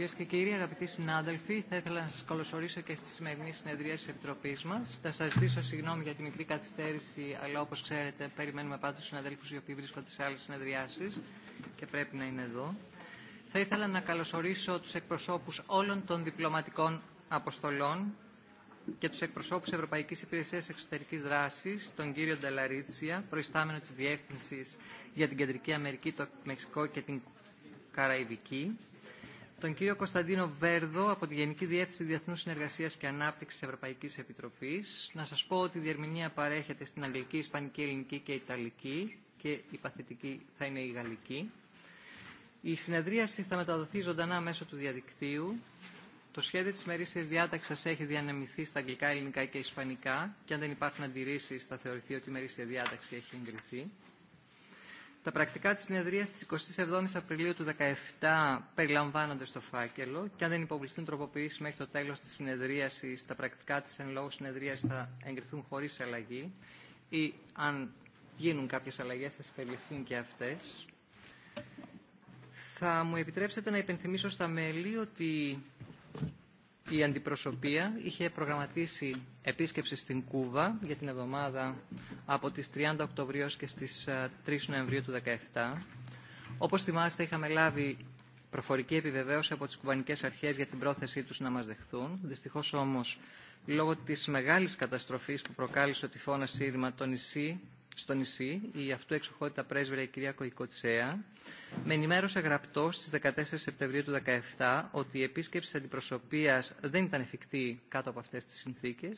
κυρίες και κύριοι, αγαπητοί συνάδελφοι, θα ήθελα να σα καλωσορίσω και στι σημερινή συνεδρία τη Επιτροπής μας. Θα σα ζητήσω συγγνώμη για τη μικρή καθυστέρηση, αλλά όπω ξέρετε περιμένουμε πάντως συναδέλφου οι οποίοι βρίσκονται σε άλλες συνεδριάσεις και πρέπει να είναι εδώ. Θα ήθελα να καλωσορίσω τους εκπροσώπους όλων των διπλωματικών αποστολών και τους εκπροσώπους Ευρωπαϊκής Υπηρεσίας Εξωτερικής Δράσης, τον κύριο Νταλαρίτσια, προϊστάμενο της Διεύθυνσης για την Κεντρική Αμερική, το Μεξικό και την Καραϊβική, τον κύριο Κωνσταντίνο Βέρδο από τη Γενική Διεύθυνση Διεθνού Συνεργασία και Ανάπτυξη Ευρωπαϊκή Επιτροπή. Να σα πω ότι η διερμηνία παρέχεται στην Αγγλική, Ισπανική, Ελληνική και Ιταλική και η παθητική θα είναι η Γαλλική. Η συνεδρίαση θα μεταδοθεί ζωντανά μέσω του διαδικτύου. Το σχέδιο τη μερίσια διάταξη έχει διανεμηθεί στα αγγλικά, ελληνικά και ισπανικά και αν δεν υπάρχουν αντιρρήσει θα θεωρηθεί ότι η μερίσια διάταξη έχει εγκριθεί. Τα πρακτικά της συνεδρίας της 27ης Απριλίου του 2017 περιλαμβάνονται στο φάκελο και αν δεν υποβληθούν τροποποιήσεις μέχρι το τέλος της συνεδρίασης, τα πρακτικά της εν λόγω συνεδρίας θα εγκριθούν χωρίς αλλαγή ή αν γίνουν κάποιες αλλαγές θα συμπεριληφθούν και αυτές. Θα μου επιτρέψετε να υπενθυμίσω στα μέλη ότι η αντιπροσωπεία είχε προγραμματίσει επίσκεψη στην Κούβα για την εβδομάδα από τις 30 Οκτωβρίου και στις 3 Νοεμβρίου του 2017. Όπως θυμάστε είχαμε λάβει προφορική επιβεβαίωση από τις κουβανικές αρχές για την πρόθεσή τους να μας δεχθούν. Δυστυχώς όμως λόγω της μεγάλης καταστροφής που προκάλεσε ο τυφώνας Σύρμα το νησί στο νησί, η αυτού εξοχότητα πρέσβερα η κυρία Κοϊκοτσέα, με ενημέρωσε γραπτό στι 14 Σεπτεμβρίου του 2017 ότι η επίσκεψη της δεν ήταν εφικτή κάτω από αυτέ τι συνθήκε.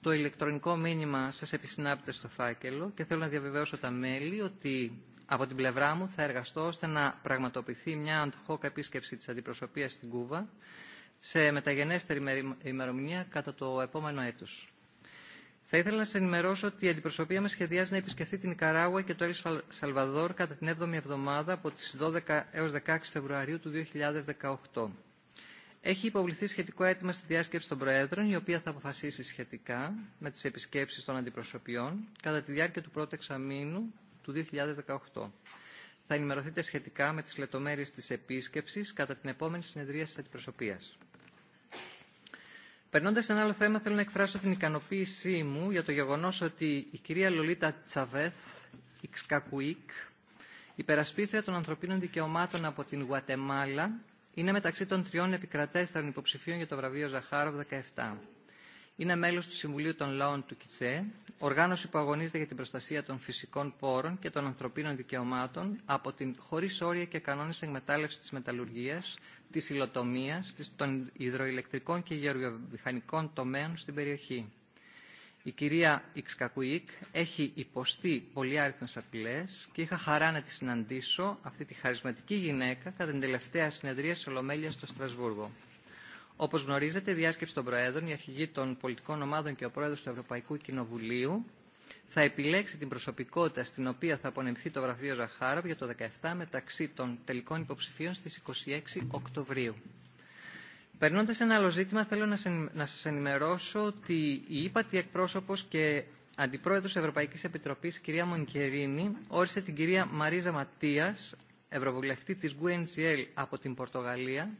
Το ηλεκτρονικό μήνυμα σα επισυνάπτεται στο φάκελο και θέλω να διαβεβαιώσω τα μέλη ότι από την πλευρά μου θα εργαστώ ώστε να πραγματοποιηθεί μια ad επίσκεψη τη αντιπροσωπεία στην Κούβα σε μεταγενέστερη ημερομηνία κατά το επόμενο έτος. Θα ήθελα να σα ενημερώσω ότι η αντιπροσωπεία μα σχεδιάζει να επισκεφθεί την Ικαράγουα και το Ελ Σαλβαδόρ κατά την 7η εβδομάδα από τι 12 έω 16 Φεβρουαρίου του 2018. Έχει υποβληθεί σχετικό αίτημα στη διάσκεψη των Προέδρων, η οποία θα αποφασίσει σχετικά με τι επισκέψει των αντιπροσωπιών κατά τη διάρκεια του πρώτου εξαμήνου του 2018. Θα ενημερωθείτε σχετικά με τι λεπτομέρειε τη επίσκεψη κατά την επόμενη συνεδρία τη αντιπροσωπείας. Περνώντα ένα άλλο θέμα, θέλω να εκφράσω την ικανοποίησή μου για το γεγονό ότι η κυρία Λολίτα Τσαβέθ, Ιξκακουίκ, υπερασπίστρια των ανθρωπίνων δικαιωμάτων από την Γουατεμάλα, είναι μεταξύ των τριών επικρατέστερων υποψηφίων για το βραβείο Ζαχάροβ 17 είναι μέλος του Συμβουλίου των Λαών του ΚΙΤΣΕ, οργάνωση που αγωνίζεται για την προστασία των φυσικών πόρων και των ανθρωπίνων δικαιωμάτων από την χωρίς όρια και κανόνες εκμετάλλευση της μεταλλουργίας, της υλοτομίας, των υδροηλεκτρικών και γεωργιομηχανικών τομέων στην περιοχή. Η κυρία Ιξκακουίκ έχει υποστεί πολύ πολυάριθμες απειλές και είχα χαρά να τη συναντήσω, αυτή τη χαρισματική γυναίκα, κατά την τελευταία συνεδρία της Ολομέλειας στο Στρασβούργο. Όπω γνωρίζετε, η διάσκεψη των Προέδρων, η αρχηγή των πολιτικών ομάδων και ο Πρόεδρο του Ευρωπαϊκού Κοινοβουλίου θα επιλέξει την προσωπικότητα στην οποία θα απονεμηθεί το βραβείο Ζαχάροβ για το 2017 μεταξύ των τελικών υποψηφίων στις 26 Οκτωβρίου. Περνώντα ένα άλλο ζήτημα, θέλω να σα ενημερώσω ότι η ύπατη εκπρόσωπο και αντιπρόεδρο Ευρωπαϊκή Επιτροπή, κυρία Μονκερίνη, όρισε την κυρία Μαρίζα Ματία, ευρωβουλευτή τη GUNCL από την Πορτογαλία,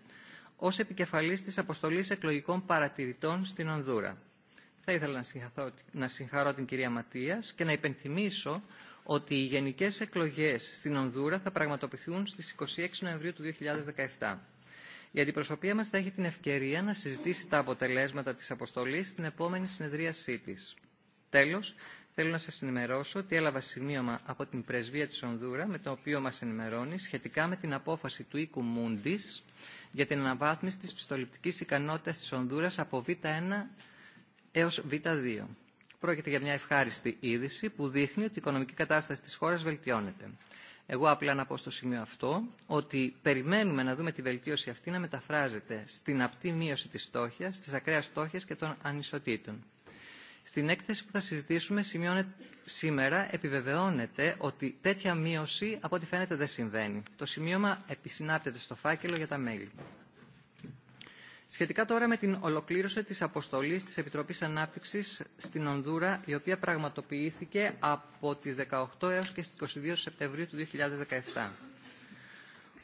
ως επικεφαλής της αποστολής εκλογικών παρατηρητών στην Ονδούρα. Θα ήθελα να συγχαρώ την κυρία Ματίας και να υπενθυμίσω ότι οι γενικές εκλογές στην Ονδούρα θα πραγματοποιηθούν στις 26 Νοεμβρίου του 2017. Η αντιπροσωπεία μας θα έχει την ευκαιρία να συζητήσει τα αποτελέσματα της αποστολής στην επόμενη συνεδρίασή της. Τέλος, θέλω να σας ενημερώσω ότι έλαβα σημείωμα από την πρεσβεία της Ονδούρα με το οποίο μας ενημερώνει σχετικά με την απόφαση του οίκου Μούντις για την αναβάθμιση της πιστοληπτικής ικανότητας της Ονδούρας από Β1 έως Β2. Πρόκειται για μια ευχάριστη είδηση που δείχνει ότι η οικονομική κατάσταση της χώρας βελτιώνεται. Εγώ απλά να πω στο σημείο αυτό ότι περιμένουμε να δούμε τη βελτίωση αυτή να μεταφράζεται στην απτή μείωση της στόχιας, της ακραίας στόχιας και των ανισοτήτων. Στην έκθεση που θα συζητήσουμε σήμερα επιβεβαιώνεται ότι τέτοια μείωση από ό,τι φαίνεται δεν συμβαίνει. Το σημείωμα επισυνάπτεται στο φάκελο για τα μέλη. Σχετικά τώρα με την ολοκλήρωση της αποστολής της Επιτροπής Ανάπτυξης στην Ονδούρα, η οποία πραγματοποιήθηκε από τις 18 έως και στις 22 Σεπτεμβρίου του 2017.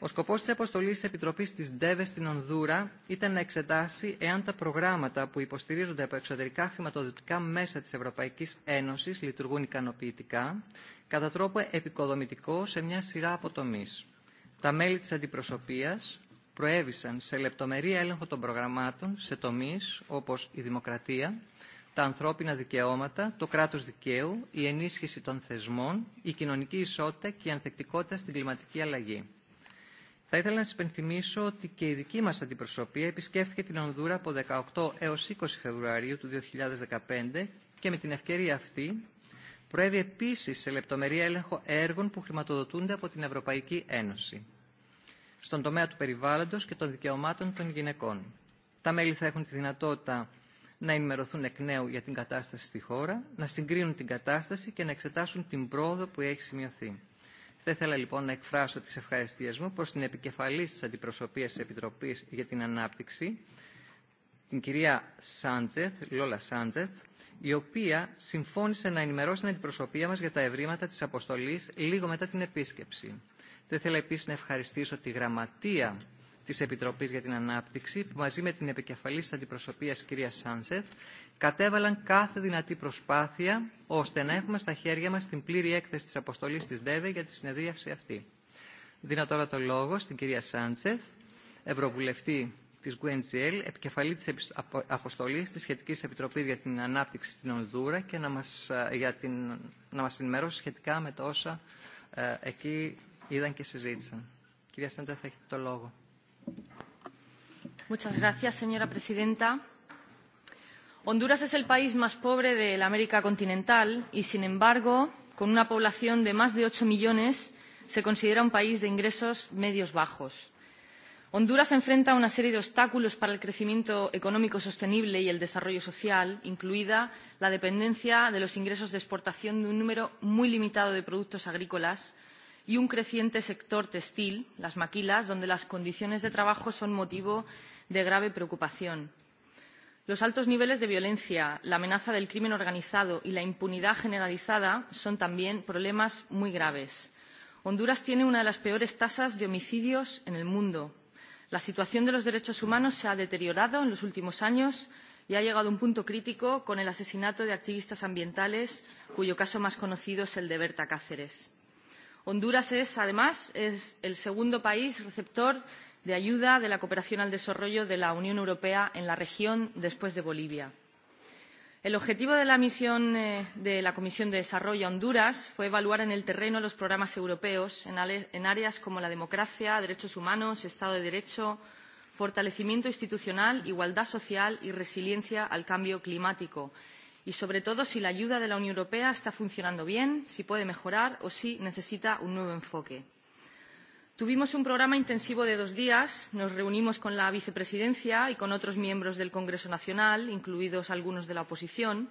Ο σκοπός της αποστολής της Επιτροπής της ΔΕΒΕ στην Ονδούρα ήταν να εξετάσει εάν τα προγράμματα που υποστηρίζονται από εξωτερικά χρηματοδοτικά μέσα της Ευρωπαϊκής Ένωσης λειτουργούν ικανοποιητικά, κατά τρόπο επικοδομητικό σε μια σειρά αποτομής. Τα μέλη της αντιπροσωπείας προέβησαν σε λεπτομερή έλεγχο των προγραμμάτων σε τομείς όπως η δημοκρατία, τα ανθρώπινα δικαιώματα, το κράτος δικαίου, η ενίσχυση των θεσμών, η κοινωνική ισότητα και η ανθεκτικότητα στην κλιματική αλλαγή. Θα ήθελα να σα υπενθυμίσω ότι και η δική μα αντιπροσωπεία επισκέφθηκε την Ονδούρα από 18 έω 20 Φεβρουαρίου του 2015 και με την ευκαιρία αυτή προέβη επίση σε λεπτομερή έλεγχο έργων που χρηματοδοτούνται από την Ευρωπαϊκή Ένωση στον τομέα του περιβάλλοντος και των δικαιωμάτων των γυναικών. Τα μέλη θα έχουν τη δυνατότητα να ενημερωθούν εκ νέου για την κατάσταση στη χώρα, να συγκρίνουν την κατάσταση και να εξετάσουν την πρόοδο που έχει σημειωθεί. Θα ήθελα λοιπόν να εκφράσω τις ευχαριστίες μου προς την επικεφαλής της Αντιπροσωπείας της Επιτροπής για την Ανάπτυξη, την κυρία Σάντζεθ, Λόλα Σάντζεθ, η οποία συμφώνησε να ενημερώσει την αντιπροσωπεία μας για τα ευρήματα της αποστολής λίγο μετά την επίσκεψη. Θα ήθελα επίσης να ευχαριστήσω τη Γραμματεία της Επιτροπής για την Ανάπτυξη, που μαζί με την επικεφαλής της αντιπροσωπείας κυρία Σάντζεθ, κατέβαλαν κάθε δυνατή προσπάθεια ώστε να έχουμε στα χέρια μας την πλήρη έκθεση της αποστολής της ΔΕΒΕ για τη συνεδρίαση αυτή. Δίνω τώρα το λόγο στην κυρία Σάντσεθ, Ευρωβουλευτή της Γκουέντζιέλ, επικεφαλή της αποστολής της Σχετικής Επιτροπής για την Ανάπτυξη στην Ονδούρα και να μας, για την, να μας ενημερώσει σχετικά με τα όσα ε, εκεί είδαν και συζήτησαν. Κυρία Σάντσεθ, έχετε το λόγο. Muchas gracias, señora presidenta honduras es el país más pobre de la américa continental y sin embargo con una población de más de ocho millones se considera un país de ingresos medios bajos. honduras enfrenta una serie de obstáculos para el crecimiento económico sostenible y el desarrollo social incluida la dependencia de los ingresos de exportación de un número muy limitado de productos agrícolas y un creciente sector textil las maquilas donde las condiciones de trabajo son motivo de grave preocupación los altos niveles de violencia la amenaza del crimen organizado y la impunidad generalizada son también problemas muy graves. honduras tiene una de las peores tasas de homicidios en el mundo. la situación de los derechos humanos se ha deteriorado en los últimos años y ha llegado a un punto crítico con el asesinato de activistas ambientales cuyo caso más conocido es el de berta cáceres. honduras es además el segundo país receptor de ayuda de la cooperación al desarrollo de la Unión Europea en la región después de Bolivia. El objetivo de la misión eh, de la Comisión de Desarrollo a Honduras fue evaluar en el terreno los programas europeos en áreas como la democracia, derechos humanos, Estado de Derecho, fortalecimiento institucional, igualdad social y resiliencia al cambio climático y, sobre todo, si la ayuda de la Unión Europea está funcionando bien, si puede mejorar o si necesita un nuevo enfoque tuvimos un programa intensivo de dos días nos reunimos con la vicepresidencia y con otros miembros del congreso nacional incluidos algunos de la oposición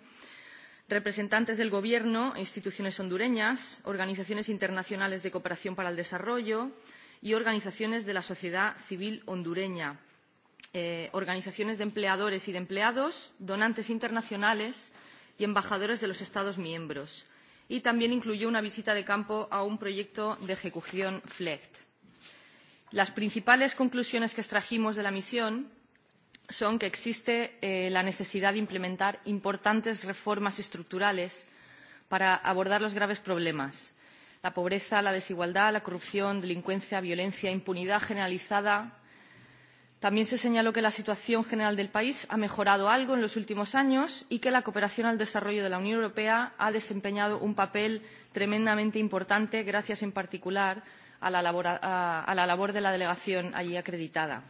representantes del gobierno instituciones hondureñas organizaciones internacionales de cooperación para el desarrollo y organizaciones de la sociedad civil hondureña eh, organizaciones de empleadores y de empleados donantes internacionales y embajadores de los estados miembros y también incluyó una visita de campo a un proyecto de ejecución FLECT las principales conclusiones que extrajimos de la misión son que existe eh, la necesidad de implementar importantes reformas estructurales para abordar los graves problemas la pobreza la desigualdad la corrupción delincuencia violencia impunidad generalizada. también se señaló que la situación general del país ha mejorado algo en los últimos años y que la cooperación al desarrollo de la unión europea ha desempeñado un papel tremendamente importante gracias en particular a la labor, a, a la labor de la delegación allí acreditada.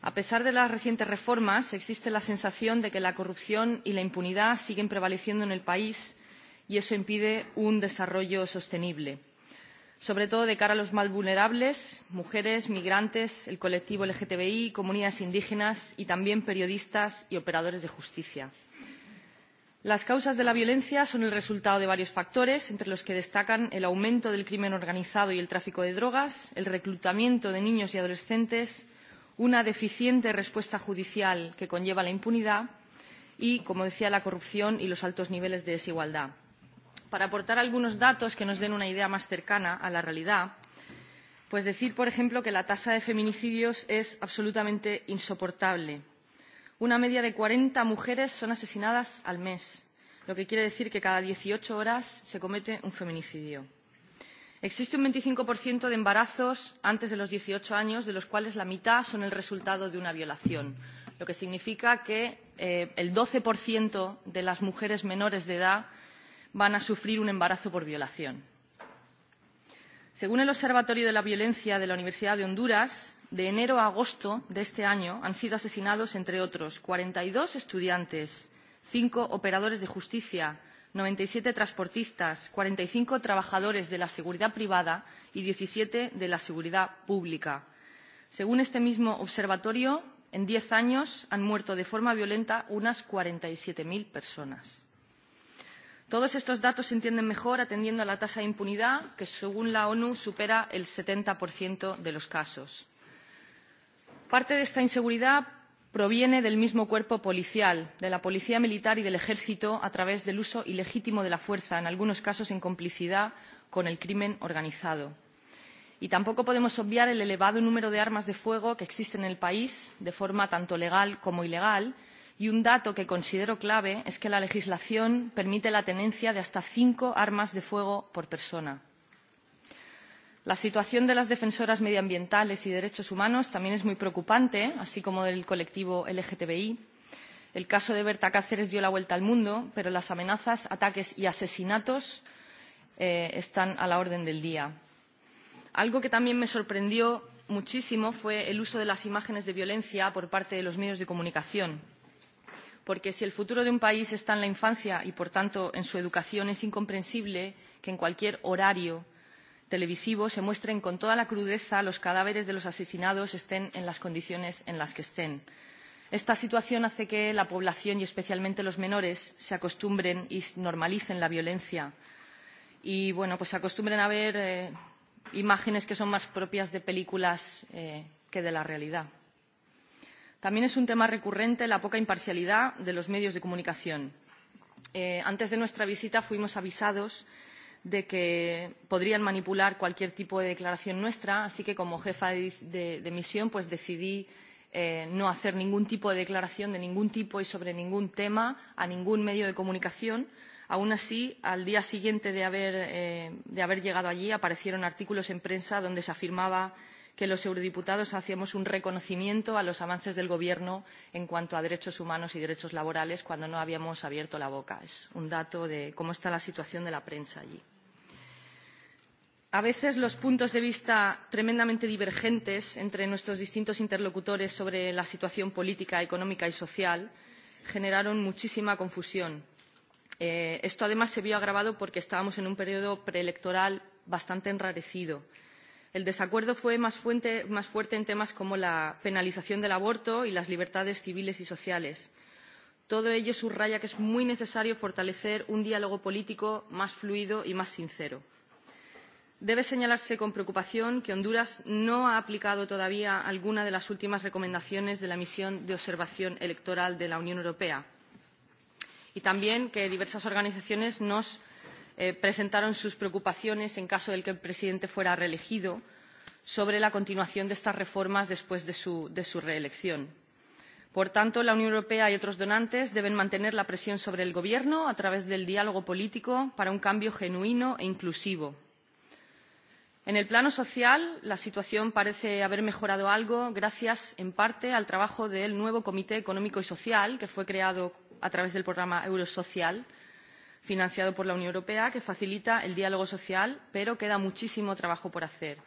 A pesar de las recientes reformas, existe la sensación de que la corrupción y la impunidad siguen prevaleciendo en el país y eso impide un desarrollo sostenible, sobre todo de cara a los más vulnerables, mujeres, migrantes, el colectivo LGTBI, comunidades indígenas y también periodistas y operadores de justicia las causas de la violencia son el resultado de varios factores entre los que destacan el aumento del crimen organizado y el tráfico de drogas el reclutamiento de niños y adolescentes una deficiente respuesta judicial que conlleva la impunidad y como decía la corrupción y los altos niveles de desigualdad. para aportar algunos datos que nos den una idea más cercana a la realidad pues decir por ejemplo que la tasa de feminicidios es absolutamente insoportable una media de cuarenta mujeres son asesinadas al mes lo que quiere decir que cada dieciocho horas se comete un feminicidio. existe un veinticinco de embarazos antes de los dieciocho años de los cuales la mitad son el resultado de una violación lo que significa que eh, el doce de las mujeres menores de edad van a sufrir un embarazo por violación según el observatorio de la violencia de la universidad de honduras de enero a agosto de este año han sido asesinados entre otros cuarenta y dos estudiantes cinco operadores de justicia noventa y siete transportistas cuarenta y cinco trabajadores de la seguridad privada y diecisiete de la seguridad pública. según este mismo observatorio en diez años han muerto de forma violenta unas cuarenta y personas. Todos estos datos se entienden mejor atendiendo a la tasa de impunidad, que según la ONU supera el 70% de los casos. Parte de esta inseguridad proviene del mismo cuerpo policial, de la policía militar y del ejército, a través del uso ilegítimo de la fuerza, en algunos casos en complicidad con el crimen organizado. Y tampoco podemos obviar el elevado número de armas de fuego que existen en el país, de forma tanto legal como ilegal, y un dato que considero clave es que la legislación permite la tenencia de hasta cinco armas de fuego por persona. La situación de las defensoras medioambientales y derechos humanos también es muy preocupante, así como del colectivo LGTBI. El caso de Berta Cáceres dio la vuelta al mundo, pero las amenazas, ataques y asesinatos eh, están a la orden del día. Algo que también me sorprendió muchísimo fue el uso de las imágenes de violencia por parte de los medios de comunicación porque si el futuro de un país está en la infancia y por tanto en su educación es incomprensible que en cualquier horario televisivo se muestren con toda la crudeza los cadáveres de los asesinados estén en las condiciones en las que estén. Esta situación hace que la población y especialmente los menores se acostumbren y normalicen la violencia y bueno, pues se acostumbren a ver eh, imágenes que son más propias de películas eh, que de la realidad. También es un tema recurrente la poca imparcialidad de los medios de comunicación. Eh, antes de nuestra visita fuimos avisados de que podrían manipular cualquier tipo de declaración nuestra, así que como jefa de, de, de misión pues decidí eh, no hacer ningún tipo de declaración de ningún tipo y sobre ningún tema a ningún medio de comunicación. Aún así, al día siguiente de haber, eh, de haber llegado allí aparecieron artículos en prensa donde se afirmaba que los eurodiputados hacíamos un reconocimiento a los avances del Gobierno en cuanto a derechos humanos y derechos laborales cuando no habíamos abierto la boca. Es un dato de cómo está la situación de la prensa allí. A veces los puntos de vista tremendamente divergentes entre nuestros distintos interlocutores sobre la situación política, económica y social generaron muchísima confusión. Eh, esto además se vio agravado porque estábamos en un periodo preelectoral bastante enrarecido el desacuerdo fue más, fuente, más fuerte en temas como la penalización del aborto y las libertades civiles y sociales. todo ello subraya que es muy necesario fortalecer un diálogo político más fluido y más sincero. debe señalarse con preocupación que honduras no ha aplicado todavía alguna de las últimas recomendaciones de la misión de observación electoral de la unión europea y también que diversas organizaciones nos eh, presentaron sus preocupaciones en caso de que el presidente fuera reelegido sobre la continuación de estas reformas después de su, de su reelección. Por tanto, la Unión Europea y otros donantes deben mantener la presión sobre el Gobierno a través del diálogo político para un cambio genuino e inclusivo. En el plano social, la situación parece haber mejorado algo gracias, en parte, al trabajo del nuevo Comité Económico y Social, que fue creado a través del programa Eurosocial, financiado por la Unión Europea que facilita el diálogo social, pero queda muchísimo trabajo por hacer.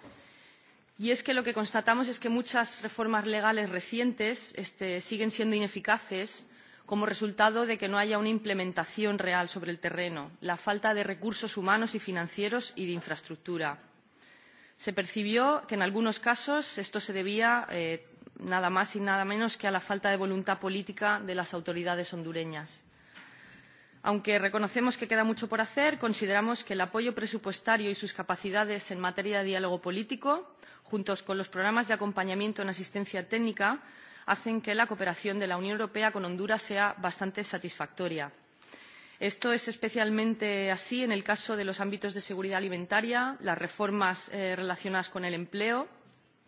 Y es que lo que constatamos es que muchas reformas legales recientes este, siguen siendo ineficaces como resultado de que no haya una implementación real sobre el terreno, la falta de recursos humanos y financieros y de infraestructura. Se percibió que en algunos casos esto se debía eh, nada más y nada menos que a la falta de voluntad política de las autoridades hondureñas. Aunque reconocemos que queda mucho por hacer, consideramos que el apoyo presupuestario y sus capacidades en materia de diálogo político, junto con los programas de acompañamiento en asistencia técnica, hacen que la cooperación de la Unión Europea con Honduras sea bastante satisfactoria. Esto es especialmente así en el caso de los ámbitos de seguridad alimentaria, las reformas eh, relacionadas con el empleo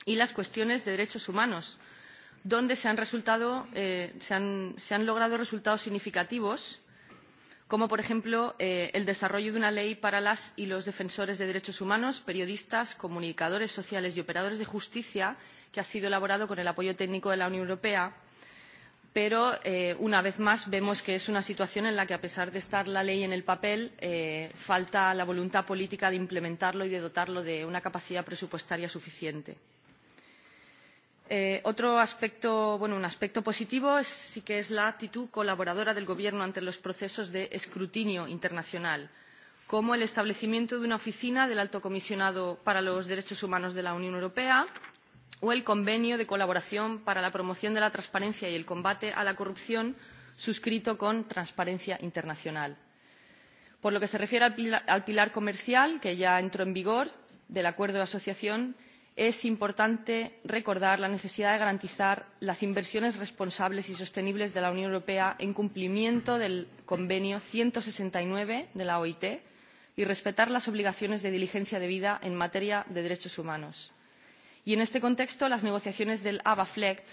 y las cuestiones de derechos humanos, donde se han eh, logrado resultados significativos como por ejemplo eh, el desarrollo de una ley para las y los defensores de derechos humanos periodistas comunicadores sociales y operadores de justicia que ha sido elaborado con el apoyo técnico de la unión europea pero eh, una vez más vemos que es una situación en la que a pesar de estar la ley en el papel eh, falta la voluntad política de implementarlo y de dotarlo de una capacidad presupuestaria suficiente. Eh, otro aspecto, bueno, un aspecto positivo es, sí que es la actitud colaboradora del Gobierno ante los procesos de escrutinio internacional, como el establecimiento de una oficina del Alto Comisionado para los Derechos Humanos de la Unión Europea o el Convenio de Colaboración para la Promoción de la Transparencia y el Combate a la Corrupción, suscrito con Transparencia Internacional. Por lo que se refiere al pilar, al pilar comercial, que ya entró en vigor, del Acuerdo de Asociación, es importante recordar la necesidad de garantizar las inversiones responsables y sostenibles de la Unión Europea en cumplimiento del convenio 169 de la OIT y respetar las obligaciones de diligencia debida en materia de derechos humanos. Y en este contexto las negociaciones del ABAFLECT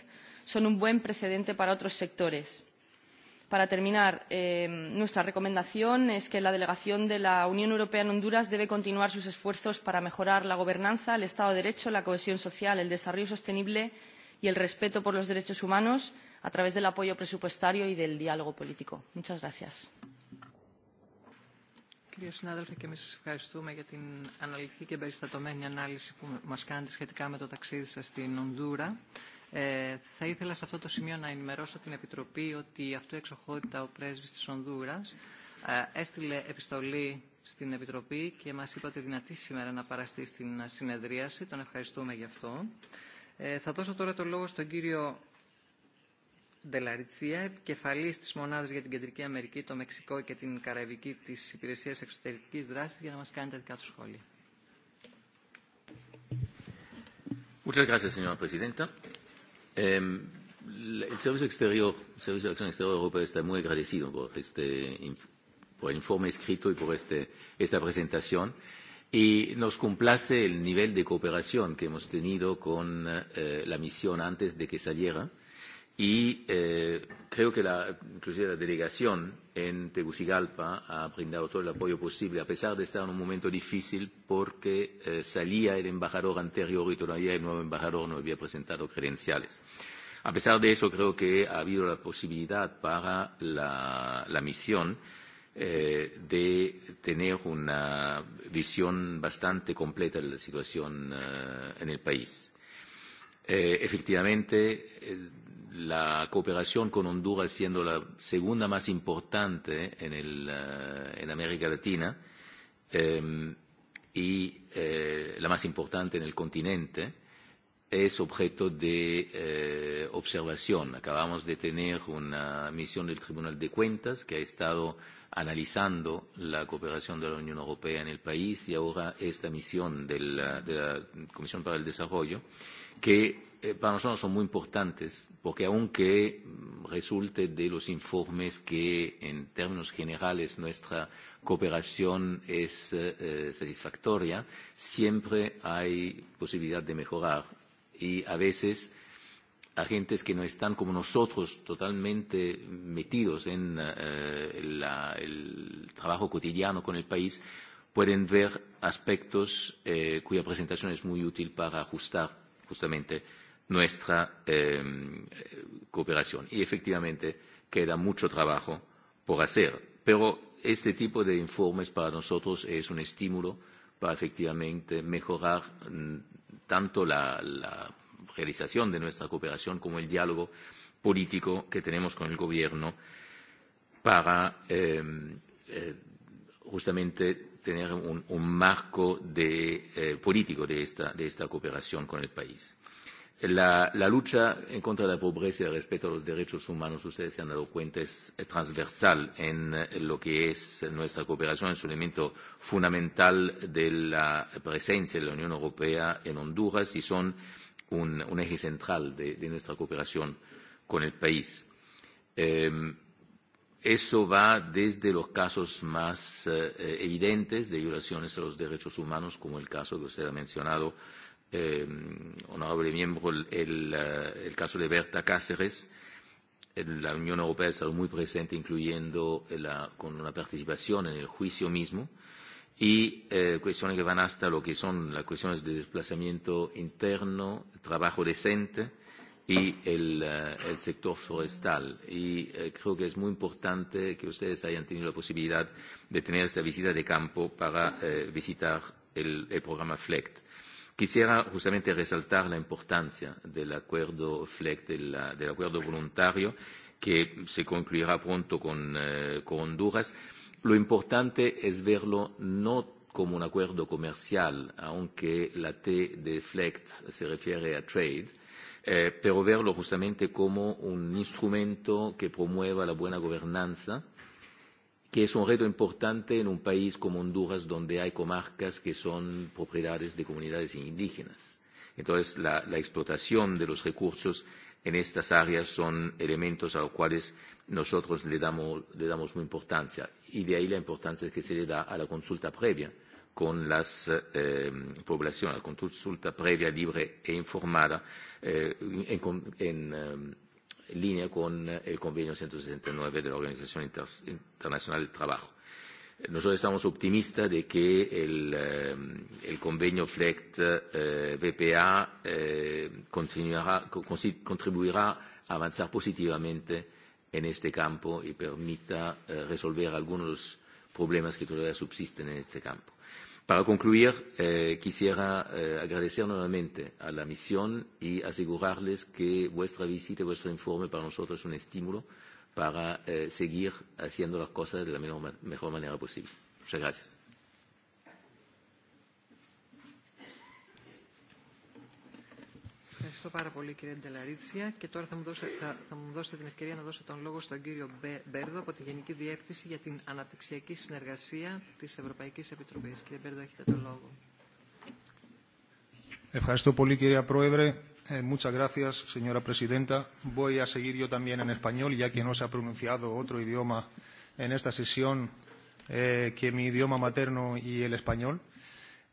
son un buen precedente para otros sectores Para terminar, eh, nuestra recomendación es que la delegación de la Unión Europea en Honduras debe continuar sus esfuerzos para mejorar la gobernanza, el Estado de Derecho, la cohesión social, el desarrollo sostenible y el respeto por los derechos humanos a través del apoyo presupuestario y del diálogo político. Muchas gracias. Ε, θα ήθελα σε αυτό το σημείο να ενημερώσω την Επιτροπή ότι αυτού εξοχότητα ο πρέσβης της Ονδούρας ε, έστειλε επιστολή στην Επιτροπή και μας είπε ότι δυνατή σήμερα να παραστεί στην συνεδρίαση. Τον ευχαριστούμε γι' αυτό. Ε, θα δώσω τώρα το λόγο στον κύριο Ντελαριτσία, επικεφαλή τη μονάδα για την Κεντρική Αμερική, το Μεξικό και την Καραϊβική τη Υπηρεσία Εξωτερική δράση για να μα κάνει τα δικά του σχόλια. Muchas gracias, señora presidenta el Servicio Exterior, el Servicio de Acción Exterior de Europa está muy agradecido por este por el informe escrito y por este, esta presentación. Y nos complace el nivel de cooperación que hemos tenido con eh, la misión antes de que saliera Y eh, creo que la, inclusive la delegación en Tegucigalpa ha brindado todo el apoyo posible, a pesar de estar en un momento difícil, porque eh, salía el embajador anterior y todavía el nuevo embajador no había presentado credenciales. A pesar de eso, creo que ha habido la posibilidad para la, la misión eh, de tener una visión bastante completa de la situación eh, en el país. Eh, efectivamente, eh, la cooperación con Honduras siendo la segunda más importante en, el, eh, en América Latina eh, y eh, la más importante en el continente, es objeto de eh, observación. Acabamos de tener una misión del Tribunal de Cuentas que ha estado analizando la cooperación de la Unión Europea en el país y ahora esta misión de la Comisión para el Desarrollo que Eh, para nosotros son muy importantes porque aunque resulte de los informes que en términos generales nuestra cooperación es eh, satisfactoria, siempre hay posibilidad de mejorar y a veces agentes que no están como nosotros totalmente metidos en eh, la, el trabajo cotidiano con el país pueden ver aspectos eh, cuya presentación es muy útil para ajustar justamente nuestra cooperación. Y efectivamente queda mucho trabajo por hacer. Pero este tipo de informes para nosotros es un estímulo para efectivamente mejorar mm, tanto la, realización de nuestra cooperación como el diálogo político que tenemos con el gobierno para eh, justamente tener un, marco eh, político de esta cooperación con el país. La, la lucha en contra de la pobreza y el respeto a los derechos humanos, ustedes se han dado cuenta, es eh, transversal en eh, lo que es nuestra cooperación, es un elemento fundamental de la presencia de la Unión Europea en Honduras y son un, un eje central de, de nuestra cooperación con el país. Eh, eso va desde los casos más eh, eh, evidentes de violaciones a los derechos humanos, como el caso que usted ha mencionado, eh, honorable miembro, el, el, eh, caso de Berta Cáceres. la Unión Europea ha estado muy presente, incluyendo la, con una participación en el juicio mismo, y eh, cuestiones que van hasta lo que son las cuestiones de desplazamiento interno, trabajo decente y el, eh, el sector forestal. Y eh, creo que es muy importante que ustedes hayan tenido la posibilidad de tener esta visita de campo para visitar el, el programa FLECT Quisiera justamente resaltar la importancia del acuerdo FLEC, del, acuerdo voluntario, que se concluirá pronto con, eh, con Honduras. Lo importante es verlo no como un acuerdo comercial, aunque la T de FLECT se refiere a trade, eh, pero verlo justamente como un instrumento que promueva la buena gobernanza que es un reto importante en un país como Honduras, donde hay comarcas que son propiedades de comunidades indígenas. Entonces, la, la explotación de los recursos en estas áreas son elementos a los cuales nosotros le damos, le damos muy importancia. Y de ahí la importancia que se le da a la consulta previa con las eh, poblaciones, la consulta previa libre e informada eh, en, en, in linea con eh, el convenio 169 de la Organización Internacional del Trabajo. Nosotros estamos optimistas de que el, eh, el convenio FLECT VPA eh, continuará, contribuirá a avanzar positivamente en este campo y permita resolver algunos problemas que todavía subsisten en este campo. Para concluir, eh, quisiera eh, agradecer nuevamente a la misión y asegurarles que vuestra visita y vuestro informe para nosotros es un estímulo para eh, seguir haciendo las cosas de la mejor, mejor manera posible. Muchas gracias. Ευχαριστώ πάρα πολύ κύριε Ντελαρίτσια και τώρα θα μου, δώσετε, την ευκαιρία να δώσω τον λόγο στον κύριο Μπέρδο από τη Γενική Διεύθυνση για την Αναπτυξιακή Συνεργασία της Ευρωπαϊκής Επιτροπής. Κύριε Μπέρδο, έχετε τον λόγο. κυρία Πρόεδρε. muchas gracias, señora presidenta. Voy a seguir yo también en español, ya que no se ha pronunciado otro idioma en esta sesión eh, que mi idioma materno y el español.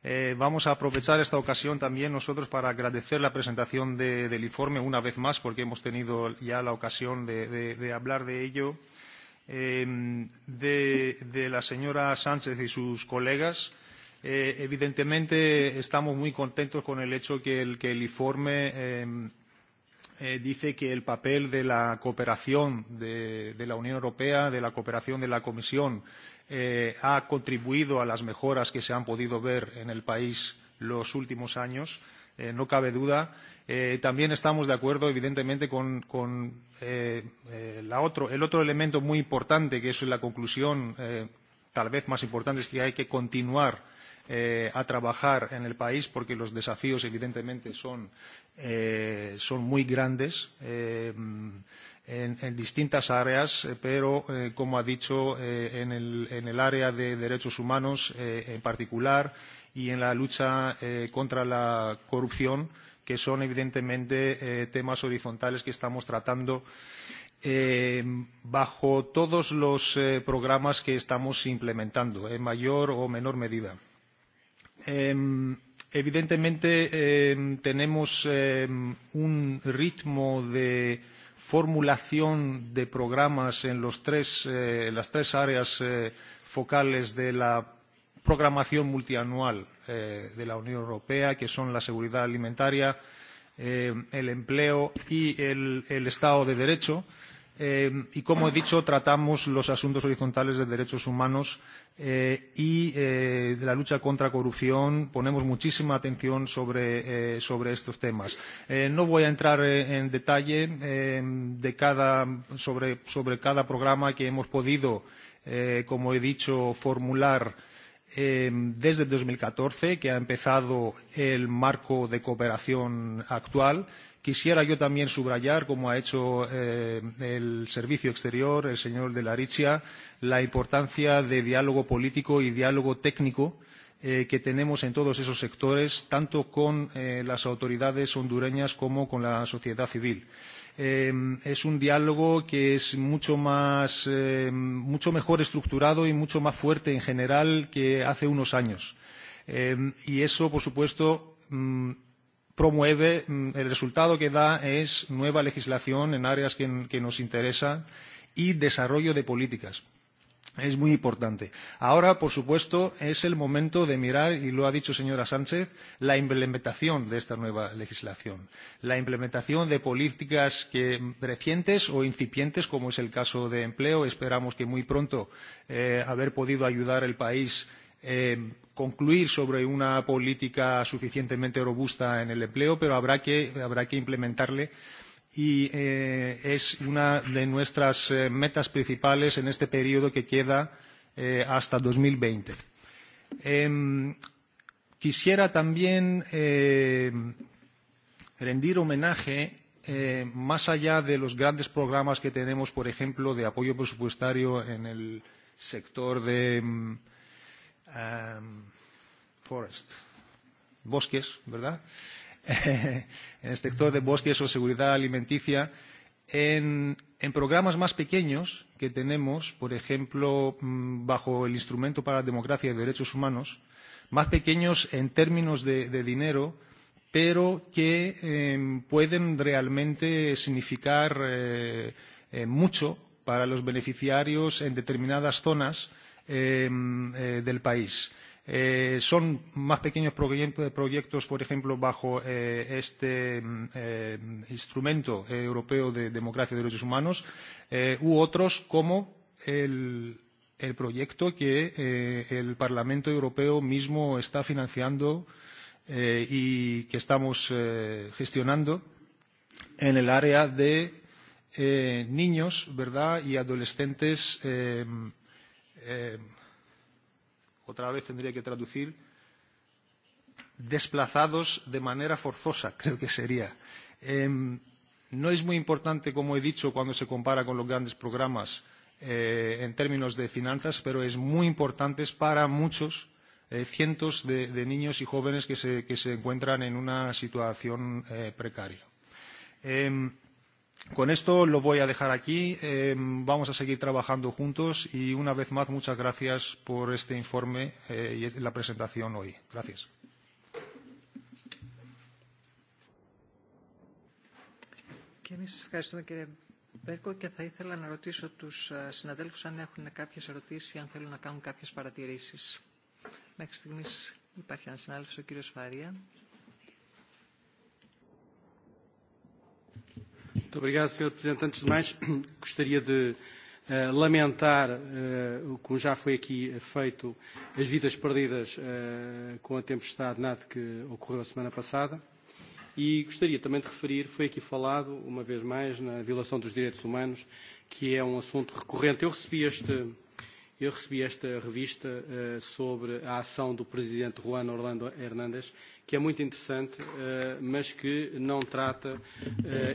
Eh, vamos a aprovechar esta ocasión también nosotros para agradecer la presentación de, del informe una vez más, porque hemos tenido ya la ocasión de, de, hablar de ello, eh, de, de la señora Sánchez y sus colegas. Eh, evidentemente, estamos muy contentos con el hecho que el, que el informe eh, dice que el papel de la cooperación de, de la Unión Europea, de la cooperación de la Comisión, Eh, ha contribuido a las mejoras que se han podido ver en el país los últimos años, eh, no cabe duda. Eh, también estamos de acuerdo, evidentemente, con, con eh, la otro, el otro elemento muy importante, que es la conclusión tal vez más importante, es que hay que continuar a trabajar en el país porque los desafíos, evidentemente, son, son muy grandes en, en distintas áreas, eh, pero, eh, como ha dicho, eh, en, el, en el área de derechos humanos eh, en particular y en la lucha eh, contra la corrupción, que son evidentemente eh, temas horizontales que estamos tratando eh, bajo todos los programas que estamos implementando, en mayor o menor medida. Eh, evidentemente, tenemos un ritmo de formulación de programas en los tres, eh, las tres áreas eh, focales de la programación multianual eh, de la Unión Europea, que son la seguridad alimentaria, eh, el empleo y el Estado de Derecho. Eh, y, como he dicho, tratamos los asuntos horizontales de derechos humanos eh, y eh, de la lucha contra corrupción. Ponemos muchísima atención sobre, eh, sobre estos temas. Eh, no voy a entrar eh, en detalle de cada, sobre, sobre cada programa que hemos podido, como he dicho, formular desde 2014, que ha empezado el marco de cooperación actual Quisiera yo también subrayar, como ha hecho eh, el Servicio Exterior, el señor de La Larichia, la importancia de diálogo político y diálogo técnico eh, que tenemos en todos esos sectores, tanto con eh, las autoridades hondureñas como con la sociedad civil. es un diálogo que es mucho más mucho mejor estructurado y mucho más fuerte en general que hace unos años y eso por supuesto mm, promueve, mm, el resultado que da es nueva legislación en áreas que, nos interesan y desarrollo de políticas. Es muy importante. Ahora, por supuesto, es el momento de mirar, y lo ha dicho señora Sánchez, la implementación de esta nueva legislación. La implementación de políticas recientes o incipientes, como es el caso de empleo. Esperamos que muy pronto eh, haber podido ayudar al país eh, concluir sobre una política suficientemente robusta en el empleo, pero habrá que, habrá que implementarle y eh, es una de nuestras eh, metas principales en este periodo que queda eh, hasta 2020. Eh, quisiera también rendir homenaje eh, más allá de los grandes programas que tenemos, por ejemplo, de apoyo presupuestario en el sector de um, forest, bosques, ¿verdad? en el sector de bosques o seguridad alimenticia, en, en programas más pequeños que tenemos, por ejemplo, mm, bajo el Instrumento para la Democracia y Derechos Humanos, más pequeños en términos de, de dinero, pero que eh, pueden realmente significar eh, eh, mucho para los beneficiarios en determinadas zonas eh, del país. Eh, son más pequeños proyectos, por ejemplo, bajo eh, este eh, instrumento europeo de democracia y derechos humanos, u otros como el, el proyecto que el Parlamento Europeo mismo está financiando y que estamos gestionando en el área de niños ¿verdad? y adolescentes Eh, otra vez tendría que traducir desplazados de manera forzosa, creo que sería. no es muy importante, como he dicho, cuando se compara con los grandes programas eh, en términos de finanzas, pero es muy importante para muchos, eh, cientos de, niños y jóvenes que se, que se encuentran en una situación precaria. Con esto lo voy a dejar aquí. Eh, vamos a seguir trabajando juntos y una vez más muchas gracias por este informe eh, y la presentación hoy. Gracias. Και εμείς ευχαριστούμε κύριε Μπέρκο και θα ήθελα να ρωτήσω τους συναδέλφους αν έχουν κάποιες ερωτήσεις ή αν θέλουν να κάνουν κάποιες παρατηρήσεις. Μέχρι στιγμής υπάρχει ένα συνάδελφος, ο κύριος Φαρία. Muito obrigado, Sr. Presidente. Antes de mais, gostaria de uh, lamentar uh, o que já foi aqui feito, as vidas perdidas uh, com a tempestade NAD que ocorreu a semana passada. E gostaria também de referir, foi aqui falado, uma vez mais, na violação dos direitos humanos, que é um assunto recorrente. Eu recebi este, eu recebi esta revista sobre a ação do Presidente Juan Orlando Hernández que é muito interessante, eh, mas que não trata,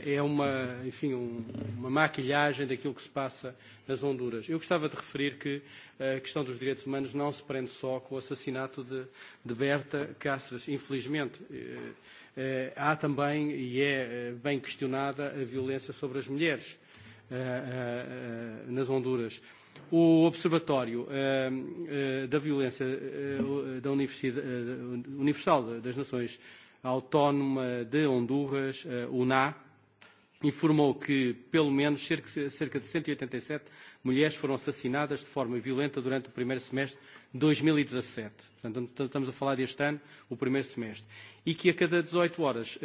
eh, é uma, enfim, um, uma maquilhagem daquilo que se passa nas Honduras. Eu gostava de referir que eh, a questão dos direitos humanos não se prende só com o assassinato de, de Berta Cáceres. Infelizmente, há também, e é bem questionada, a violência sobre as mulheres nas Honduras o Observatório ehm, eh, da Violência eh, eh, da Universidade, Universal das Nações Autónoma de Honduras, UNA, informou que pelo menos cerca de 187 e e mulheres foram assassinadas de forma violenta durante o primeiro semestre de 2017. E Portanto, estamos a falar deste ano, o primeiro semestre. E que a cada 18 horas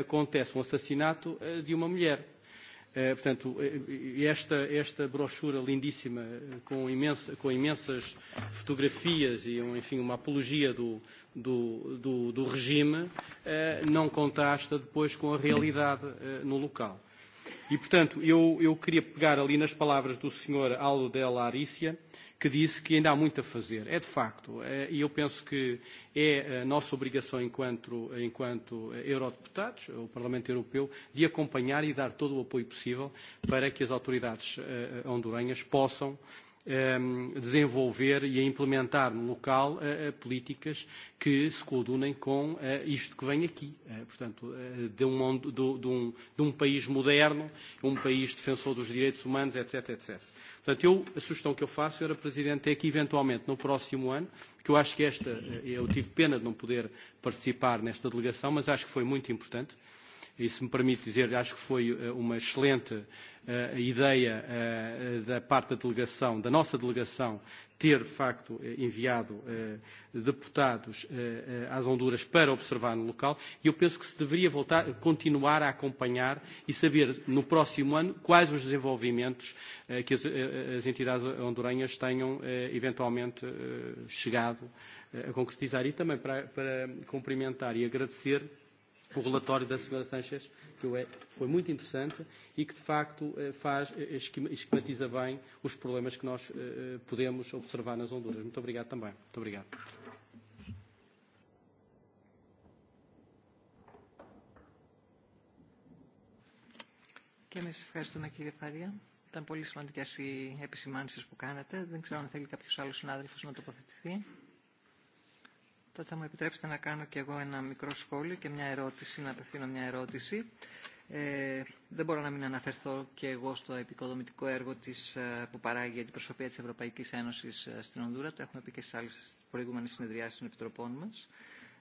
acontece um assassinato de uma mulher Eh, portanto, eh, eh, esta, esta brochura lindíssima, com, imensa, com imensas fotografias e, um, enfim, uma apologia do, do, do, do regime, não contrasta depois com a realidade no local. E, portanto, eu, eu queria pegar ali nas palavras do Sr. Aldo Della Arícia, que disse que ainda há muito a fazer. É de facto, e eu penso que é a nossa obrigação enquanto, enquanto eurodeputados, o Parlamento Europeu, de acompanhar e dar todo o apoio possível para que as autoridades eh, hondurenhas possam Ehm, desenvolver e a implementar no local eh, eh, políticas que se coadunem com eh, isto que vem aqui. Portanto, de um, de, um, de um país moderno, um país defensor dos direitos humanos, etc. etc. Portanto, eu, a sugestão que eu faço, Sra. Presidente, é que eventualmente no próximo ano, que eu acho que esta, eu tive pena de não poder participar nesta delegação, mas acho que foi muito importante, e se me permite dizer, acho que foi eh, uma excelente uh, ideia uh, da parte da delegação, da nossa delegação, ter, de facto, enviado eh, deputados às Honduras para observar no local, e eu penso que se deveria voltar, continuar a acompanhar e saber, no próximo ano, quais os desenvolvimentos que as, as entidades honduranhas tenham, eventualmente, chegado a concretizar. E também para, para cumprimentar e agradecer o relatório da senhora Sanchez, que eu é, foi muito interessante e que, de facto, eh, faz, eh, esquematiza bem os problemas que nós eh, podemos observar nas Honduras. Muito obrigado também. Muito obrigado. Και εμείς ευχαριστούμε κύριε Φαρία. Ήταν πολύ σημαντικές οι επισημάνσεις που κάνατε. Δεν ξέρω αν θέλει κάποιος άλλος συνάδελφος να τοποθετηθεί. Τότε θα μου επιτρέψετε να κάνω και εγώ ένα μικρό σχόλιο και μια ερώτηση, να απευθύνω μια ερώτηση. Ε, δεν μπορώ να μην αναφερθώ και εγώ στο επικοδομητικό έργο της, που παράγει η αντιπροσωπεία της Ευρωπαϊκής Ένωσης στην Ονδούρα. Το έχουμε πει και στις άλλες προηγούμενες συνεδριάσεις των επιτροπών μας.